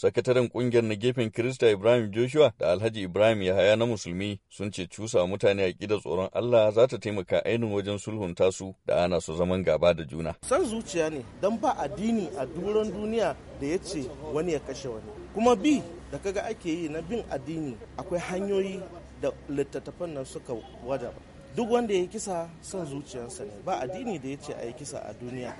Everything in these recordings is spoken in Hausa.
sakataren kungiyar na gefen Kirista Ibrahim Joshua da Alhaji Ibrahim Yahaya na Musulmi sun ce cusa mutane a kida tsoron Allah za ta taimaka ainihin wajen sulhunta su da ana su zaman gaba da juna. San zuciya ne don ba addini a duran duniya da ya ce wani ya kashe wani. Kuma bi da kaga ake yi na bin addini akwai hanyoyi da littattafan nan suka wada. Duk wanda ya kisa son zuciyarsa ne ba addini da ya ce a yi kisa a duniya.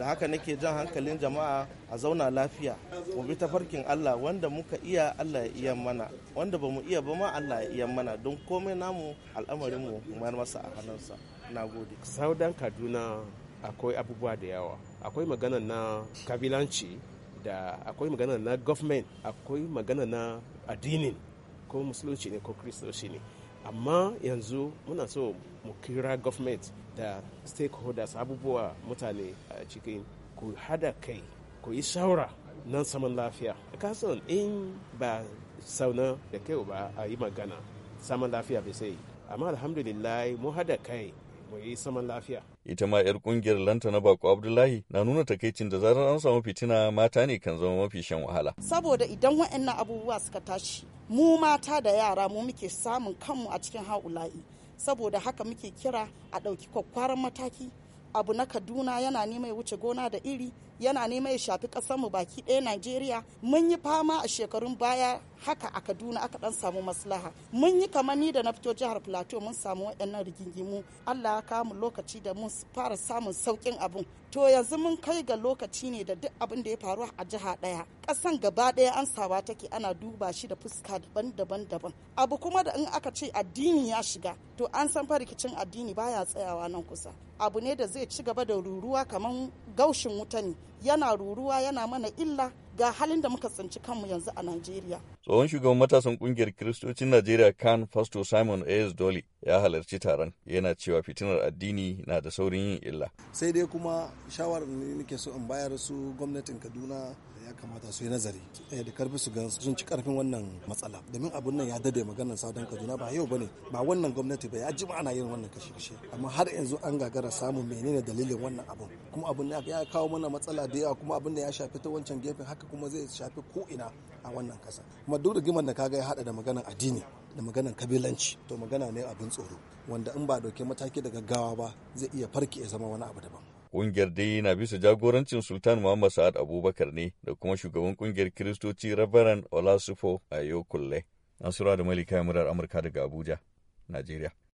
da haka nake jan hankalin jama'a a zauna lafiya mu bi tafarkin Allah wanda muka iya Allah ya iya mana wanda ba mu iya ba ma Allah ya iya mana don komai namu al'amarin mu mayar masa a hannunsa na gode saudan kaduna akwai abubuwa da yawa akwai magana na kabilanci da akwai magana na government akwai magana na addinin ko musulunci ne ko kristoci ne amma yanzu muna so mu kira government da stakeholders abubuwa mutane a cikin ku hada kai ku yi shawara nan saman lafiya kasan in ba sauna da kai ba a yi magana saman lafiya bai sai amma alhamdulillah mu hada kai mu yi saman lafiya ita ma 'yar kungiyar lanta na bako abdullahi na nuna takaicin da zarar an samu fitina mata ne kan zama mafi shan wahala saboda idan waɗannan abubuwa suka tashi mu mata da yara mu muke samun kanmu a cikin haula'i saboda haka muke kira a ɗauki kwakwaran mataki abu na kaduna yana nema ya wuce gona da iri yana nema ya shafi ƙasarmu baki ɗaya najeriya mun yi fama a shekarun baya haka a kaduna aka dan samu maslaha mun yi kamar ni da na fito jihar plateau mun samu waɗannan rigingimu allah ya kawo mu lokaci da mun fara samun saukin abun to yanzu mun kai ga lokaci ne da duk abin da ya faru a jiha ɗaya ƙasan gaba ɗaya an sawa take ana duba shi da fuska daban-daban daban abu kuma da in aka ce addini ya shiga to an san fa rikicin addini baya tsayawa nan kusa abu ne da zai ci gaba da ruruwa kamar gaushin wuta ne yana ruruwa yana mana illa ga halin da muka tsinci kanmu yanzu a Najeriya. Tsohon shugaban matasan kungiyar Kiristocin Najeriya kan Fasto Simon A.S. Dole ya halarci taron yana cewa fitinar addini na da saurin yin illa. Sai dai kuma shawarar ne nake so in bayar su gwamnatin Kaduna ya kamata su yi nazari eh, da karfi su ga sun ci karfin wannan matsala domin abun nan ya dade maganar sadan kaduna ba yau bane ba wannan gwamnati ba ya ji ana yin wannan kashe-kashe amma har yanzu an gagara samun menene dalilin wannan abun kuma abin ya kawo mana matsala da yawa kuma abin da ya shafi ta wancan gefen haka kuma zai shafi ko ina a wannan kasa kuma duk da giman da kaga ya hada da maganan addini da maganar kabilanci to magana ne abin tsoro wanda in ba dauke mataki da gaggawa ba zai iya farki ya zama wani abu daban Ƙungiyar dai na bisa jagorancin Sultan Muhammad Sa'ad Abubakar ne da kuma shugaban ƙungiyar Kiristoci Reverend Olasufo Ayokulle. Nasura da Malika Murar Amurka daga Abuja, Najeriya.